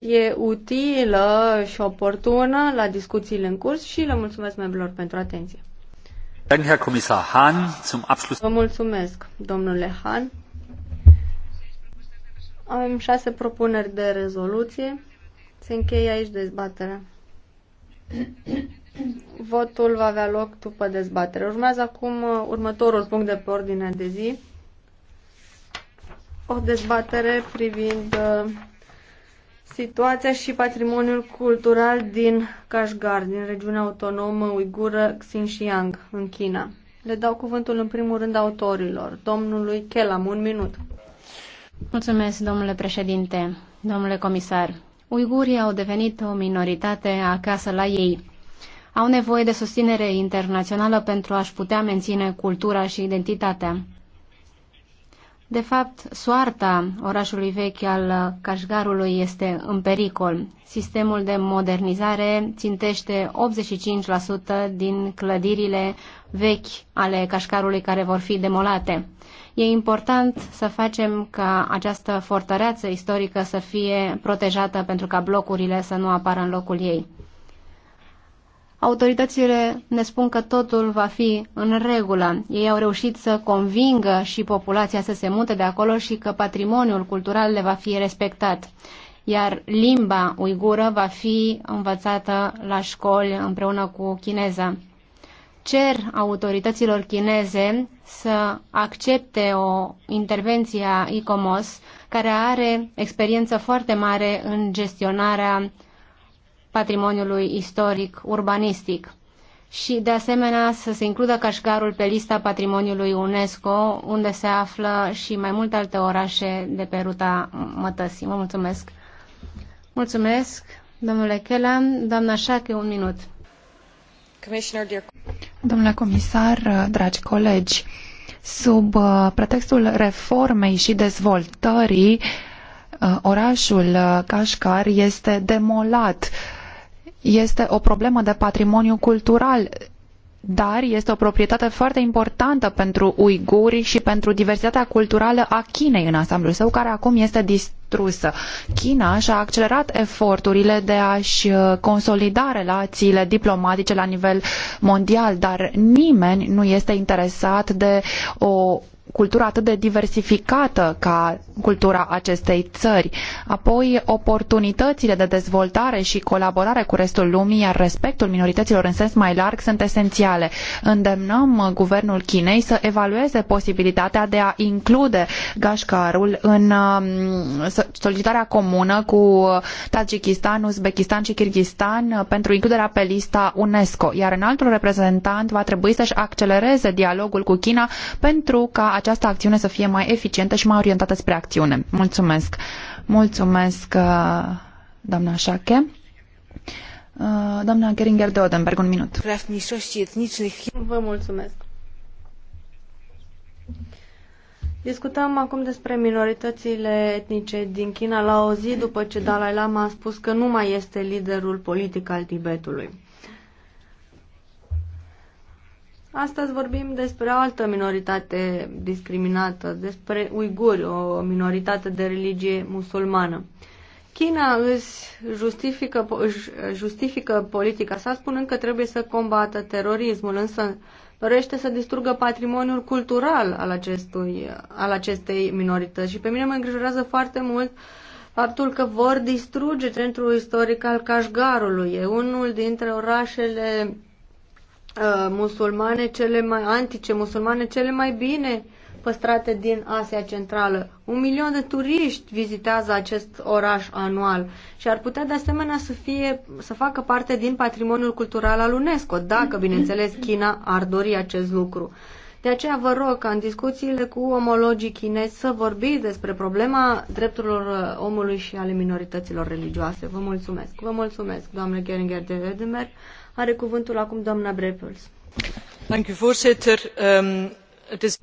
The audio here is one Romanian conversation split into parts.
e utilă și oportună la discuțiile în curs și le mulțumesc membrilor pentru atenție. Vă mulțumesc, domnule Han. Avem șase propuneri de rezoluție. Se încheie aici dezbaterea. Votul va avea loc după dezbatere. Urmează acum uh, următorul punct de pe ordinea de zi. O dezbatere privind uh, situația și patrimoniul cultural din Kashgar, din regiunea autonomă uigură Xinjiang, în China. Le dau cuvântul în primul rând autorilor, domnului Kelam, un minut. Mulțumesc, domnule președinte, domnule comisar. Uigurii au devenit o minoritate acasă la ei. Au nevoie de susținere internațională pentru a-și putea menține cultura și identitatea. De fapt, soarta orașului vechi al Cașgarului este în pericol. Sistemul de modernizare țintește 85% din clădirile vechi ale Cașgarului care vor fi demolate. E important să facem ca această fortăreață istorică să fie protejată pentru ca blocurile să nu apară în locul ei. Autoritățile ne spun că totul va fi în regulă. Ei au reușit să convingă și populația să se mute de acolo și că patrimoniul cultural le va fi respectat. Iar limba uigură va fi învățată la școli împreună cu chineza. Cer autorităților chineze să accepte o intervenție a ICOMOS care are experiență foarte mare în gestionarea patrimoniului istoric, urbanistic și, de asemenea, să se includă Cașcarul pe lista patrimoniului UNESCO, unde se află și mai multe alte orașe de pe ruta Mătăsii. Vă mulțumesc! Mulțumesc, domnule Chelan. Doamna Șache, un minut. Domnule comisar, dragi colegi, sub uh, pretextul reformei și dezvoltării, uh, orașul Kashgar uh, este demolat este o problemă de patrimoniu cultural, dar este o proprietate foarte importantă pentru uiguri și pentru diversitatea culturală a Chinei în ansamblul său, care acum este distrusă rusă. China și-a accelerat eforturile de a-și uh, consolida relațiile diplomatice la nivel mondial, dar nimeni nu este interesat de o cultură atât de diversificată ca cultura acestei țări. Apoi, oportunitățile de dezvoltare și colaborare cu restul lumii, iar respectul minorităților în sens mai larg, sunt esențiale. Îndemnăm uh, guvernul Chinei să evalueze posibilitatea de a include gașcarul în uh, solicitarea comună cu Tajikistan, Uzbekistan și Kirghistan uh, pentru includerea pe lista UNESCO, iar înaltul reprezentant va trebui să-și accelereze dialogul cu China pentru ca această acțiune să fie mai eficientă și mai orientată spre acțiune. Mulțumesc! Mulțumesc, uh, doamna Șache! Uh, doamna Geringer de Odenberg, un minut. Vă mulțumesc! Discutăm acum despre minoritățile etnice din China la o zi după ce Dalai Lama a spus că nu mai este liderul politic al Tibetului. Astăzi vorbim despre o altă minoritate discriminată, despre uiguri, o minoritate de religie musulmană. China își justifică, își justifică politica sa spunând că trebuie să combată terorismul, însă dorește să distrugă patrimoniul cultural al, acestui, al acestei minorități. Și pe mine mă îngrijorează foarte mult faptul că vor distruge centrul istoric al Cașgarului. E unul dintre orașele uh, musulmane cele mai antice, musulmane cele mai bine uh, păstrate din Asia Centrală. Un milion de turiști vizitează acest oraș anual și ar putea de asemenea să, fie, să facă parte din patrimoniul cultural al UNESCO, dacă, bineînțeles, China ar dori acest lucru. De aceea vă rog ca în discuțiile cu omologii chinezi să vorbiți despre problema drepturilor uh, omului și ale minorităților religioase. Vă mulțumesc. Vă mulțumesc, doamnă Geringer de Edemer. Are cuvântul acum doamna Brepels. Thank you, voorzitter. Um...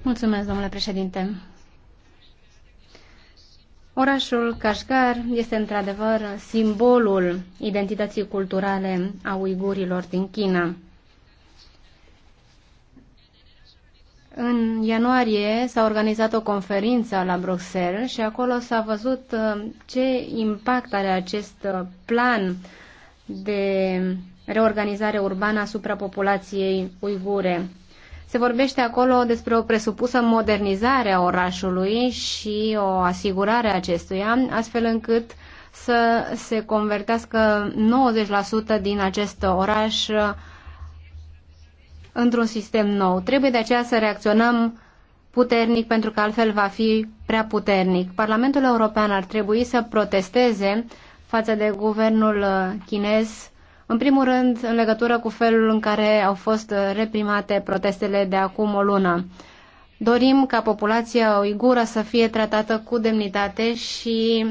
Mulțumesc, domnule președinte. Orașul Kashgar este într-adevăr simbolul identității culturale a uigurilor din China. În ianuarie s-a organizat o conferință la Bruxelles și acolo s-a văzut uh, ce impact are acest uh, plan de reorganizare urbană asupra populației uigure. Se vorbește acolo despre o presupusă modernizare a orașului și o asigurare a acestuia, astfel încât să se convertească 90% din acest oraș într-un sistem nou. Trebuie de aceea să reacționăm puternic pentru că altfel va fi prea puternic. Parlamentul European ar trebui să protesteze față de guvernul chinez în primul rând, în legătură cu felul în care au fost reprimate protestele de acum o lună. Dorim ca populația uigură să fie tratată cu demnitate și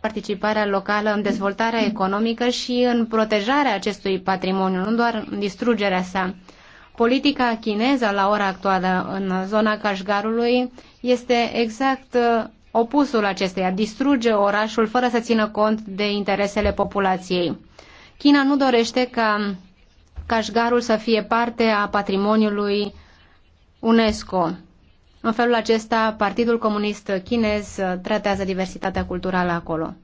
participarea locală în dezvoltarea economică și în protejarea acestui patrimoniu, nu doar în distrugerea sa. Politica chineză la ora actuală în zona Kashgarului este exact opusul acesteia, distruge orașul fără să țină cont de interesele populației. China nu dorește ca Cașgarul să fie parte a patrimoniului UNESCO. În felul acesta, Partidul Comunist Chinez tratează diversitatea culturală acolo.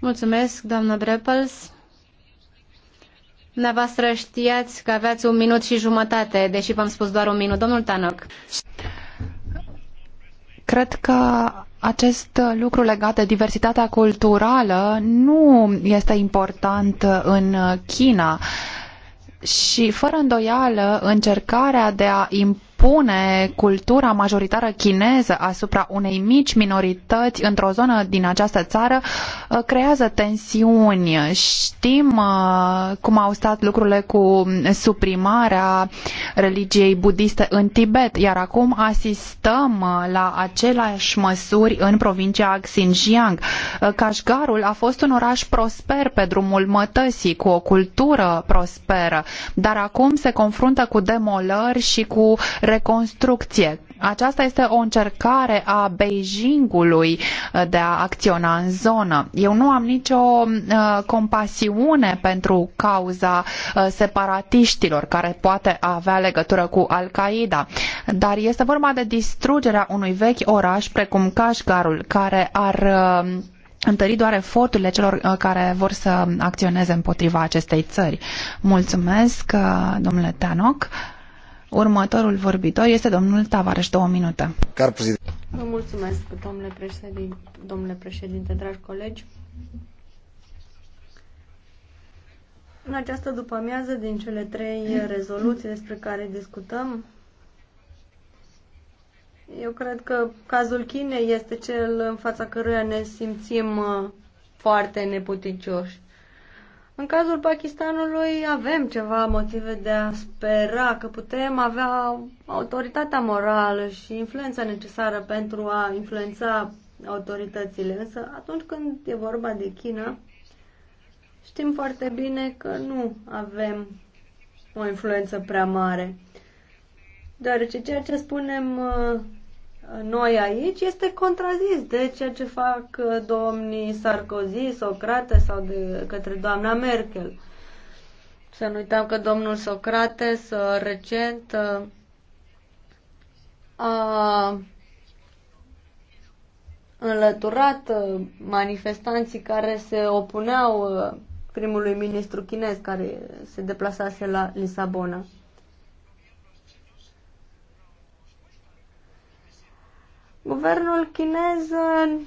Mulțumesc, doamnă Brepels. Dumneavoastră știați că aveați un minut și jumătate, deși v-am spus doar un minut. Domnul Tanoc. Cred că acest uh, lucru legat de diversitatea culturală nu este important în uh, China și fără îndoială încercarea de a impune impune cultura majoritară chineză asupra unei mici minorități într-o zonă din această țară uh, creează tensiuni. Știm uh, cum au stat lucrurile cu suprimarea religiei budiste în Tibet, iar acum asistăm uh, la aceleași măsuri în provincia Xinjiang. Kashgarul a fost un oraș prosper pe drumul mătăsii, cu o cultură prosperă, dar acum se confruntă cu demolări și cu re- reconstrucție. Aceasta este o încercare a Beijingului uh, de a acționa în zonă. Eu nu am nicio uh, compasiune pentru cauza uh, separatiștilor care poate avea legătură cu Al-Qaeda, dar este vorba de distrugerea unui vechi oraș precum Kashgarul, care ar întări doar eforturile celor care vor să acționeze împotriva acestei țări. Mulțumesc, domnule Tanok. Următorul vorbitor este domnul Tavares, două minute. Car Vă mulțumesc, domnule președinte, domnule președinte, dragi colegi. În această după-amiază din cele trei rezoluții despre care discutăm, eu cred că cazul Chinei este cel în fața căruia ne simțim uh, foarte neputincioși. În cazul Pakistanului avem ceva motive de a spera că putem avea autoritatea morală și influența necesară pentru a influența autoritățile. Însă atunci când e vorba de China, știm foarte bine că nu avem o influență prea mare. Deoarece ceea ce spunem uh, noi aici este contrazis de ceea ce fac uh, domnii Sarkozy, Socrate sau de către doamna Merkel. Să nu uităm că domnul Socrates uh, recent uh, a înlăturat manifestanții care se opuneau primului ministru chinez care se deplasase la Lisabona. Guvernul chinez uh,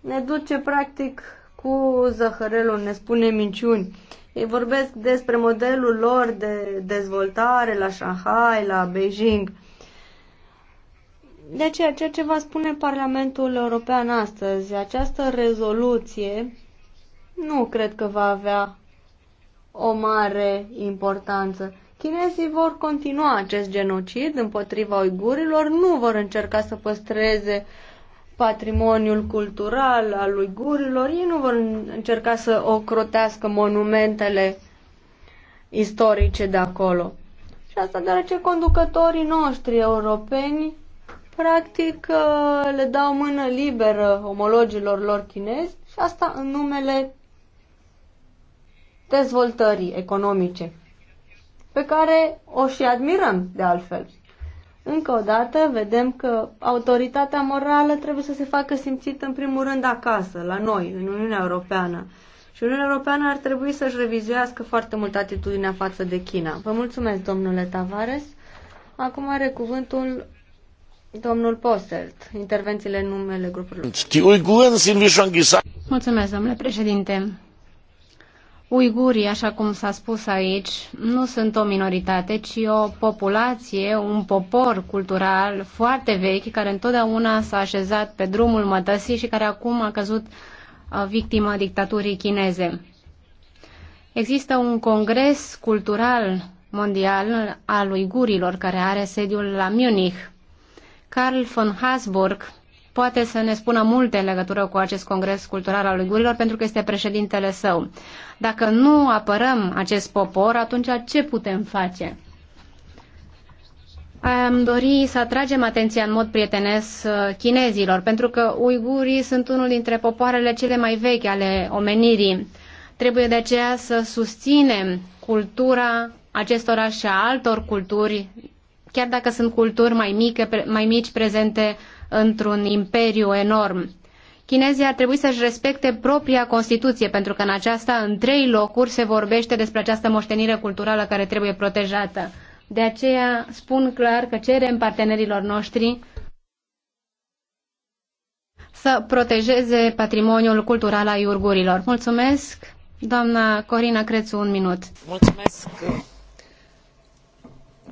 ne duce practic cu zahărelul, ne spune minciuni. Ei vorbesc despre modelul lor de dezvoltare la Shanghai, la Beijing. De aceea, ceea ce va spune Parlamentul European astăzi, această rezoluție nu cred că va avea o mare importanță. Chinezii vor continua acest genocid împotriva uigurilor, nu vor încerca să păstreze patrimoniul cultural al uigurilor, ei nu vor încerca să ocrotească monumentele istorice de acolo. Și asta deoarece conducătorii noștri europeni practic ă, le dau mână liberă omologilor lor chinezi și asta în numele dezvoltării economice pe care o și admirăm, de altfel. Încă o dată, vedem că autoritatea morală trebuie să se facă simțită, în primul rând, acasă, la noi, în Uniunea Europeană. Și Uniunea Europeană ar trebui să-și revizuiască foarte mult atitudinea față de China. Vă mulțumesc, domnule Tavares. Acum are cuvântul domnul Postelt, intervențiile în numele grupului. Mulțumesc, domnule președinte. Uigurii, așa cum s-a spus aici, nu sunt o minoritate, ci o populație, un popor cultural foarte vechi, care întotdeauna s-a așezat pe drumul mătăsii și care acum a căzut victima dictaturii chineze. Există un congres cultural mondial al uigurilor, care are sediul la Munich. Carl von Habsburg poate să ne spună multe în legătură cu acest congres cultural al uigurilor, pentru că este președintele său. Dacă nu apărăm acest popor, atunci ce putem face? Am dori să atragem atenția în mod prietenesc uh, chinezilor, pentru că uigurii sunt unul dintre popoarele cele mai vechi ale omenirii. Trebuie de aceea să susținem cultura acestora și a altor culturi, chiar dacă sunt culturi mai, mică, mai mici prezente într-un imperiu enorm. Chinezii ar trebui să-și respecte propria Constituție, pentru că în aceasta, în trei locuri, se vorbește despre această moștenire culturală care trebuie protejată. De aceea spun clar că cerem partenerilor noștri să protejeze patrimoniul cultural al iurgurilor. Mulțumesc! Doamna Corina Crețu, un minut. Mulțumesc!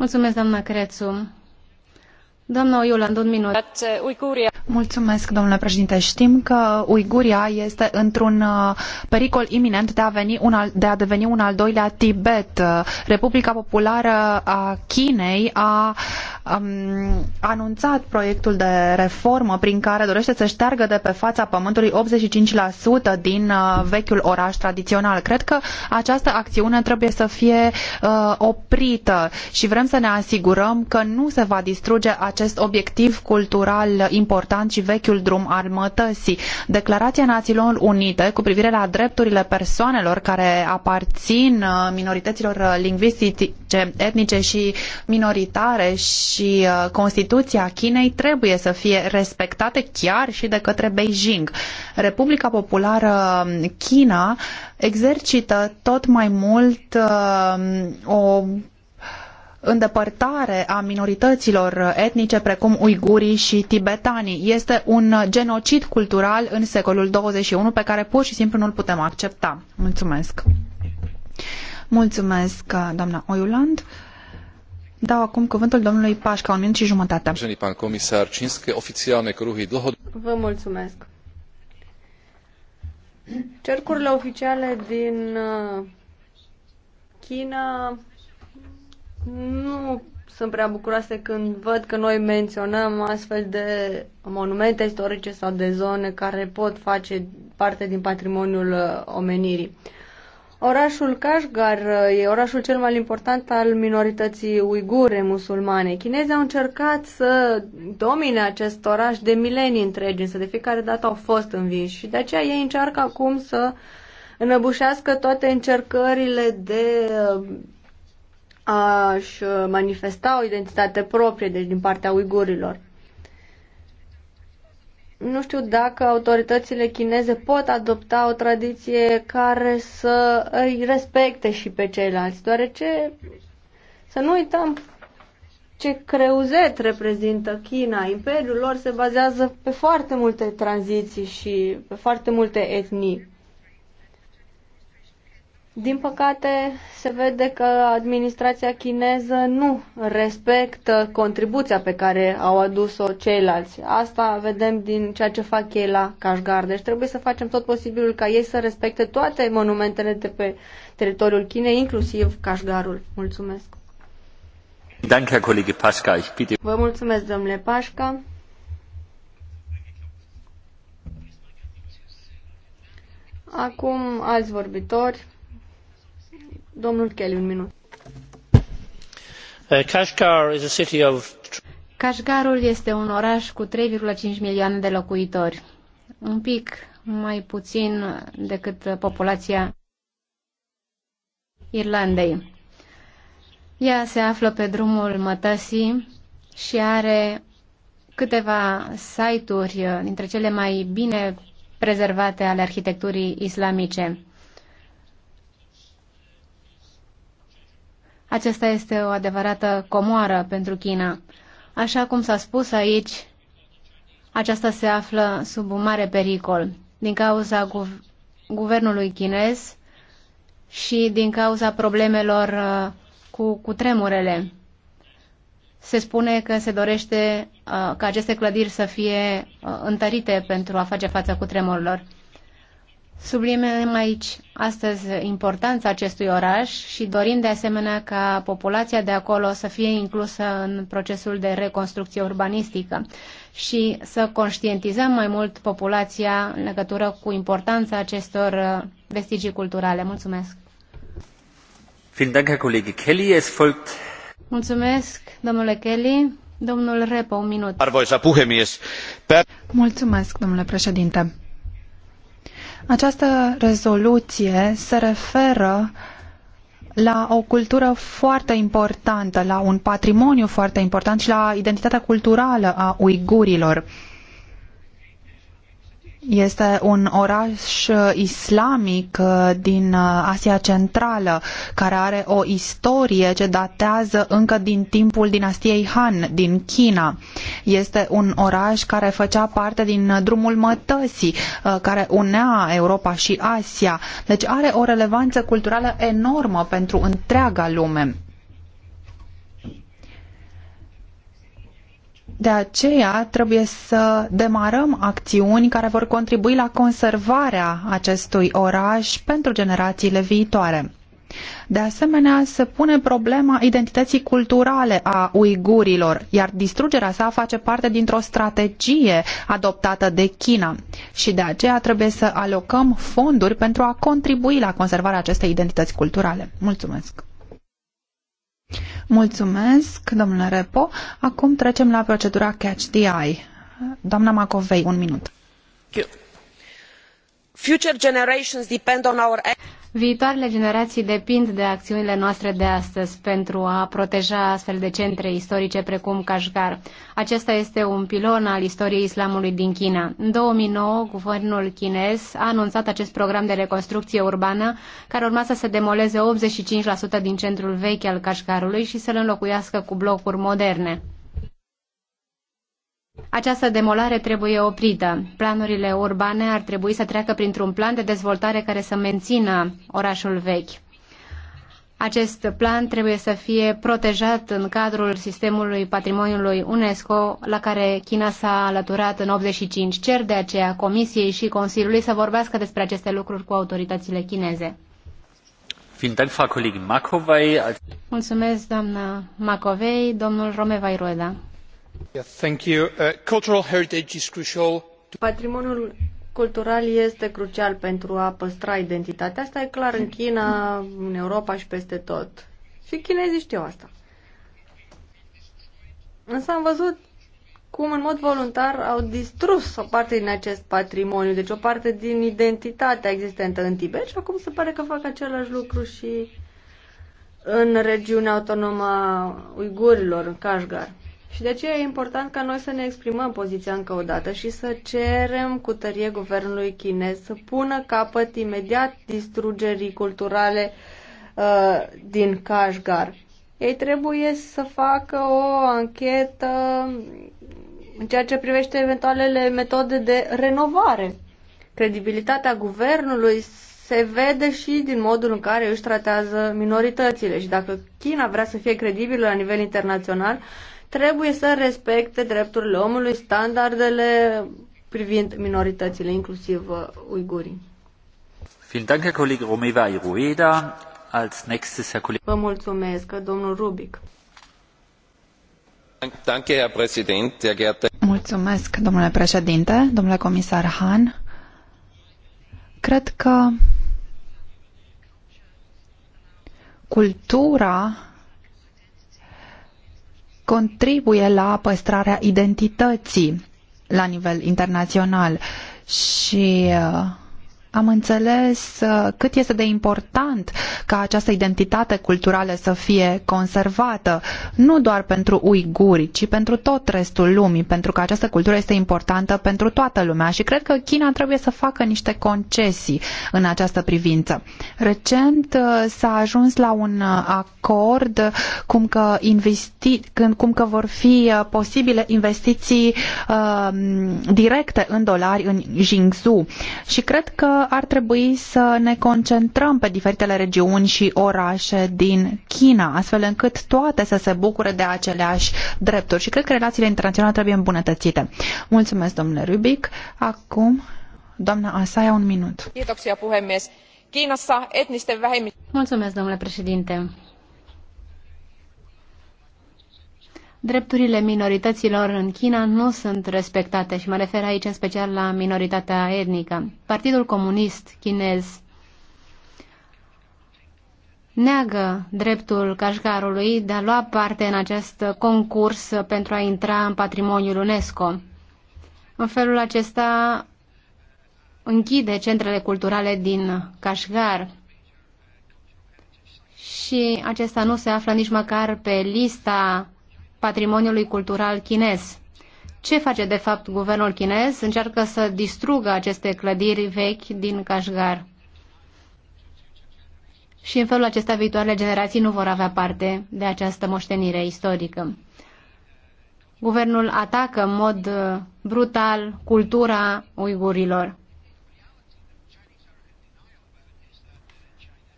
Mulțumesc, doamna Crețu. Doamna un minut. Mulțumesc, domnule Știm că Uiguria este într-un uh, pericol iminent de a, veni un al, de a deveni un al doilea Tibet. Uh, Republica Populară a Chinei a um, anunțat proiectul de reformă prin care dorește să șteargă de pe fața pământului 85% din uh, vechiul oraș tradițional. Cred că această acțiune trebuie să fie uh, oprită și vrem să ne asigurăm că nu se va distruge această acest obiectiv cultural important și vechiul drum al mătăsii. Declarația Națiunilor Unite cu privire la drepturile persoanelor care aparțin uh, minorităților lingvistice, etnice și minoritare și uh, Constituția Chinei trebuie să fie respectate chiar și de către Beijing. Republica Populară um, China exercită tot mai mult um, o îndepărtare a minorităților etnice precum uigurii și tibetanii. Este un genocid cultural în secolul 21 pe care pur și simplu nu-l putem accepta. Mulțumesc. Mulțumesc, doamna Oiuland. Dau acum cuvântul domnului Pașca, un minut și jumătate. pan comisar, cinske Vă mulțumesc. Cercurile oficiale din uh, China nu sunt prea bucuroase când văd că noi menționăm astfel de monumente istorice sau de zone care pot face parte din patrimoniul uh, omenirii. Orașul Kashgar uh, e orașul cel mai important al minorității uigure musulmane. Chinezii au încercat să domine acest oraș de milenii întregi, însă de fiecare dată au fost învinși și de aceea ei încearcă acum să înăbușească toate încercările de uh, a-și uh, manifesta o identitate proprie, deci din partea uigurilor. Nu știu dacă autoritățile chineze pot adopta o tradiție care să îi respecte și pe ceilalți, deoarece să nu uităm ce creuzet reprezintă China. Imperiul lor se bazează pe foarte multe tranziții și pe foarte multe etnii. Din păcate, se vede că administrația chineză nu respectă contribuția pe care au adus-o ceilalți. Asta vedem din ceea ce fac ei la Kashgar. Deci trebuie să facem tot posibilul ca ei să respecte toate monumentele de pe teritoriul Chinei, inclusiv Kashgarul. Mulțumesc! Vă mulțumesc, domnule Pașca. Acum alți vorbitori. Uh, Kashgar city Kashgarul este un oraș cu 3,5 milioane de locuitori, un pic mai puțin decât populația Irlandei. Ea se află pe drumul Mătăsii și are câteva site-uri dintre cele mai bine prezervate ale arhitecturii islamice. Aceasta este o adevărată comoară pentru China. Așa cum s-a spus aici, aceasta se află sub un mare pericol din cauza guv- guvernului chinez și din cauza problemelor uh, cu, cu tremurele. Se spune că se dorește uh, ca aceste clădiri să fie uh, întărite pentru a face față cu tremurilor. Subliniem aici astăzi importanța acestui oraș și dorim de asemenea ca populația de acolo să fie inclusă în procesul de reconstrucție urbanistică și să conștientizăm mai mult populația în legătură cu importanța acestor uh, vestigii culturale. Mulțumesc! Mulțumesc, domnule Kelly. Domnul Repo, un minut. Arvoisa puhemies. Mulțumesc, domnule președinte această rezoluție se referă la o cultură foarte importantă, la un patrimoniu foarte important și la identitatea culturală a uigurilor. Este un oraș uh, islamic uh, din uh, Asia Centrală care are o istorie ce datează încă din timpul dinastiei Han din China. Este un oraș care făcea parte din drumul mătăsii care unea Europa și Asia. Deci are o relevanță culturală enormă pentru întreaga lume. De aceea trebuie să demarăm acțiuni care vor contribui la conservarea acestui oraș pentru generațiile viitoare. De asemenea, se pune problema identității culturale a uigurilor, iar distrugerea sa face parte dintr-o strategie adoptată de China și de aceea trebuie să alocăm fonduri pentru a contribui la conservarea acestei identități culturale. Mulțumesc! Mulțumesc, domnule Repo. Acum trecem la procedura Catch the Eye. Doamna Macovei, un minut. Future generations depend on our Viitoarele generații depind de acțiunile noastre de astăzi pentru a proteja astfel de centre istorice precum Kashgar. Acesta este un pilon al istoriei islamului din China. În 2009, guvernul chinez a anunțat acest program de reconstrucție urbană care urma să se demoleze 85% din centrul vechi al Kashgarului și să-l înlocuiască cu blocuri moderne. Această demolare trebuie oprită. Planurile urbane ar trebui să treacă printr-un plan de dezvoltare care să mențină orașul vechi. Acest plan trebuie să fie protejat în cadrul sistemului patrimoniului UNESCO, la care China s-a alăturat în 85. Cer de aceea Comisiei și Consiliului să vorbească despre aceste lucruri cu autoritățile chineze. Mulțumesc, doamna Macovei. Domnul Romevai Rueda. Uh, Patrimoniul cultural este crucial pentru a păstra identitatea. Asta e clar în China, în Europa și peste tot. Și chinezii știu asta. Însă am văzut cum în mod voluntar au distrus o parte din acest patrimoniu, deci o parte din identitatea existentă în Tibet și acum se pare că fac același lucru și în regiunea autonomă a uigurilor, în Kashgar. Și de aceea e important ca noi să ne exprimăm poziția încă o dată și să cerem cu tărie guvernului chinez să pună capăt imediat distrugerii culturale uh, din Kashgar. Ei trebuie să facă o anchetă în ceea ce privește eventualele metode de renovare. Credibilitatea guvernului se vede și din modul în care își tratează minoritățile și dacă China vrea să fie credibilă la nivel internațional, trebuie să respecte drepturile omului, standardele privind minoritățile, inclusiv uh, uigurii. Vă mulțumesc, domnul Rubic. Mulțumesc, domnule președinte, domnule comisar Han. Cred că cultura contribuie la păstrarea identității la nivel internațional și uh, am înțeles uh, cât este de important ca această identitate culturală să fie conservată, nu doar pentru uiguri, ci pentru tot restul lumii, pentru că această cultură este importantă pentru toată lumea și cred că China trebuie să facă niște concesii în această privință. Recent uh, s-a ajuns la un uh, acord cum că, investi... cum că vor fi posibile investiții uh, directe în dolari în Jingzhou și cred că ar trebui să ne concentrăm pe diferitele regiuni și orașe din China, astfel încât toate să se bucure de aceleași drepturi. Și cred că relațiile internaționale trebuie îmbunătățite. Mulțumesc, domnule Rubic. Acum, doamna Asaia, un minut. Mulțumesc, domnule președinte. drepturile minorităților în China nu sunt respectate și mă refer aici în special la minoritatea etnică. Partidul Comunist Chinez neagă dreptul cașcarului de a lua parte în acest concurs pentru a intra în patrimoniul UNESCO. În felul acesta închide centrele culturale din Cașgar și acesta nu se află nici măcar pe lista patrimoniului cultural chinez. Ce face de fapt guvernul chinez? Încearcă să distrugă aceste clădiri vechi din Kashgar. Și în felul acesta viitoarele generații nu vor avea parte de această moștenire istorică. Guvernul atacă în mod uh, brutal cultura uigurilor.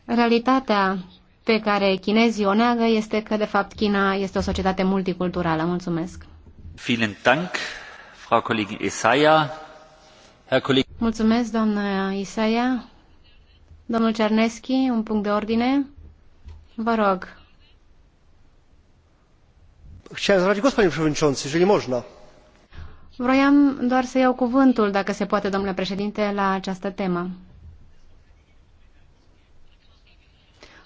Realitatea pe care chinezii o neagă este că, de fapt, China este o societate multiculturală. Mulțumesc! Vielen Dank, Frau Kollegin Herr Mulțumesc, doamna Isaia. Domnul Cerneschi, un punct de ordine. Vă rog. Vroiam doar să iau cuvântul, dacă se poate, domnule președinte, la această temă.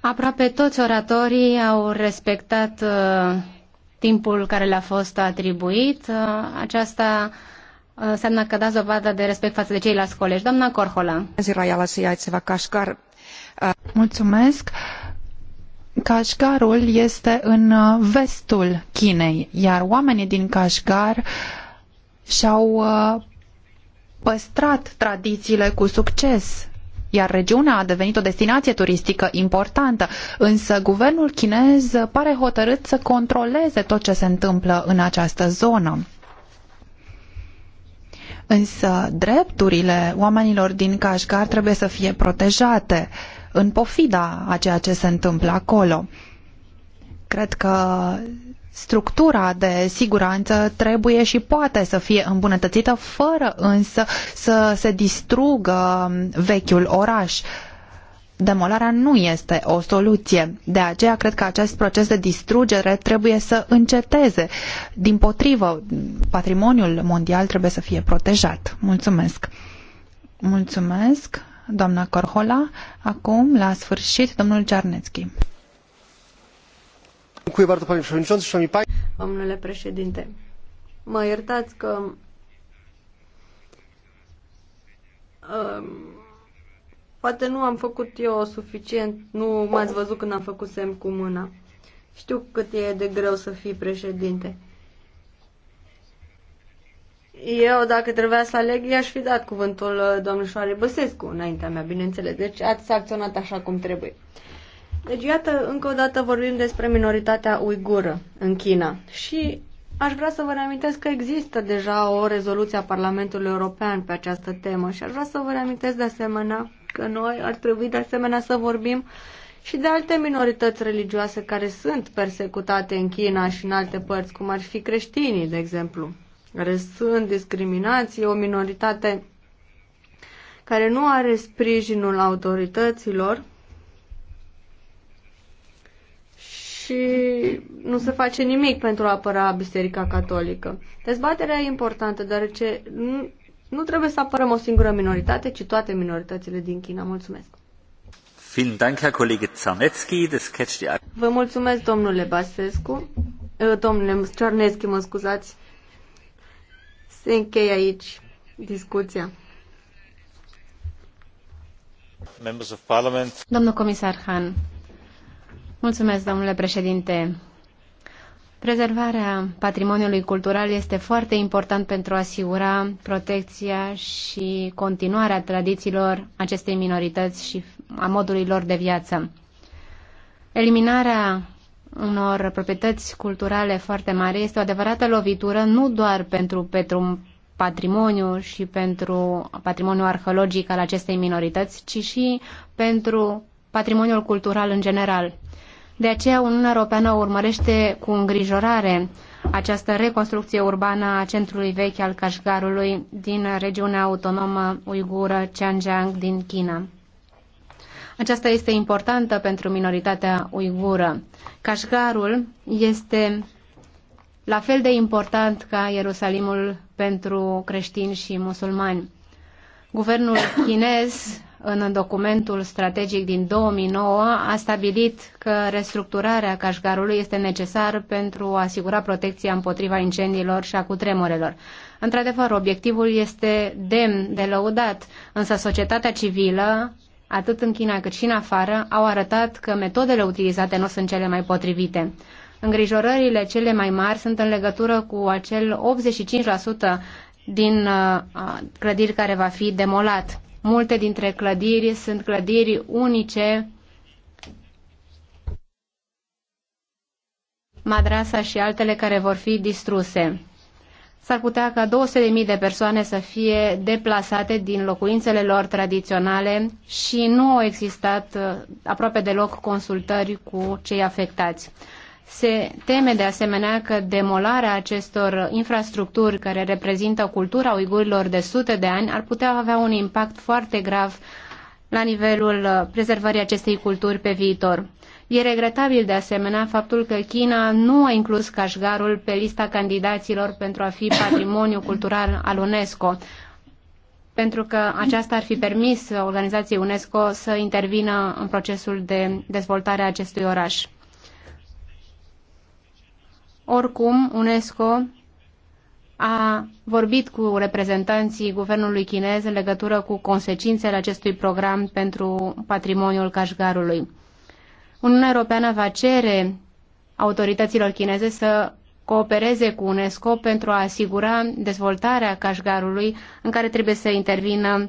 Aproape toți oratorii au respectat uh, timpul care le-a fost atribuit. Uh, aceasta uh, înseamnă că dați dovadă de respect față de ceilalți colegi. Doamna Corhola. Uh, Mulțumesc. Kashgarul este în uh, vestul Chinei, iar oamenii din Kashgar și-au uh, păstrat tradițiile cu succes iar regiunea a devenit o destinație turistică importantă, însă guvernul chinez pare hotărât să controleze tot ce se întâmplă în această zonă. Însă drepturile oamenilor din Kashgar trebuie să fie protejate în pofida a ceea ce se întâmplă acolo. Cred că structura de siguranță trebuie și poate să fie îmbunătățită fără însă să se distrugă vechiul oraș. Demolarea nu este o soluție. De aceea cred că acest proces de distrugere trebuie să înceteze. Din potrivă, patrimoniul mondial trebuie să fie protejat. Mulțumesc. Mulțumesc, doamna Corhola. Acum, la sfârșit, domnul Cernețchi. Domnule președinte, mă iertați că um, poate nu am făcut eu suficient, nu m-ați văzut când am făcut semn cu mâna. Știu cât e de greu să fii președinte. Eu, dacă trebuia să aleg, i-aș fi dat cuvântul uh, domnului Șoare Băsescu înaintea mea, bineînțeles. Deci ați acționat așa cum trebuie. Deci, iată, încă o dată vorbim despre minoritatea uigură în China. Și aș vrea să vă reamintesc că există deja o rezoluție a Parlamentului European pe această temă și aș vrea să vă reamintesc de asemenea că noi ar trebui de asemenea să vorbim și de alte minorități religioase care sunt persecutate în China și în alte părți, cum ar fi creștinii, de exemplu, care sunt discriminați, o minoritate care nu are sprijinul autorităților și nu se face nimic pentru a apăra Biserica Catolică. Dezbaterea e importantă, deoarece nu, nu trebuie să apărăm o singură minoritate, ci toate minoritățile din China. Mulțumesc! Vă mulțumesc, domnule Basescu. Eh, domnule Ciornescu, mă scuzați. Se încheie aici discuția. Domnul comisar Han, Mulțumesc, domnule președinte. Prezervarea patrimoniului cultural este foarte important pentru a asigura protecția și continuarea tradițiilor acestei minorități și a modului lor de viață. Eliminarea unor proprietăți culturale foarte mari este o adevărată lovitură nu doar pentru, pentru patrimoniu și pentru patrimoniul arheologic al acestei minorități, ci și pentru patrimoniul cultural în general. De aceea, Uniunea Europeană urmărește cu îngrijorare această reconstrucție urbană a centrului vechi al Kashgarului din regiunea autonomă uigură Xinjiang din China. Aceasta este importantă pentru minoritatea uigură. Kashgarul este la fel de important ca Ierusalimul pentru creștini și musulmani. Guvernul chinez în documentul strategic din 2009 a stabilit că restructurarea Cașgarului este necesar pentru a asigura protecția împotriva incendiilor și a cutremurelor. Într-adevăr, obiectivul este demn de lăudat, însă societatea civilă, atât în China cât și în afară, au arătat că metodele utilizate nu sunt cele mai potrivite. Îngrijorările cele mai mari sunt în legătură cu acel 85% din uh, clădiri care va fi demolat. Multe dintre clădiri sunt clădiri unice. Madrasa și altele care vor fi distruse. S-ar putea ca 200.000 de persoane să fie deplasate din locuințele lor tradiționale și nu au existat uh, aproape deloc consultări cu cei afectați. Se teme de asemenea că demolarea acestor infrastructuri care reprezintă cultura uigurilor de sute de ani ar putea avea un impact foarte grav la nivelul prezervării acestei culturi pe viitor. E regretabil de asemenea faptul că China nu a inclus Kashgarul pe lista candidaților pentru a fi patrimoniu cultural al UNESCO, pentru că aceasta ar fi permis organizației UNESCO să intervină în procesul de dezvoltare a acestui oraș. Oricum, UNESCO a vorbit cu reprezentanții guvernului chinez în legătură cu consecințele acestui program pentru patrimoniul Kashgarului. Uniunea Europeană va cere autorităților chineze să coopereze cu UNESCO pentru a asigura dezvoltarea Kashgarului în care trebuie să intervină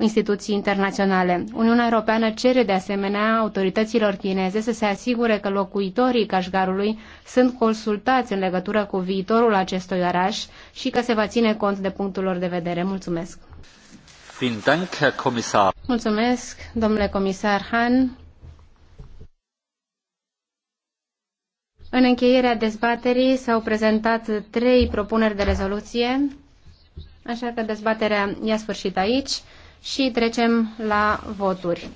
instituții internaționale. Uniunea Europeană cere de asemenea autorităților chineze să se asigure că locuitorii Cașgarului sunt consultați în legătură cu viitorul acestui oraș și că se va ține cont de punctul lor de vedere. Mulțumesc! Mulțumesc, domnule comisar Han. În încheierea dezbaterii s-au prezentat trei propuneri de rezoluție, așa că dezbaterea i-a sfârșit aici și trecem la voturi.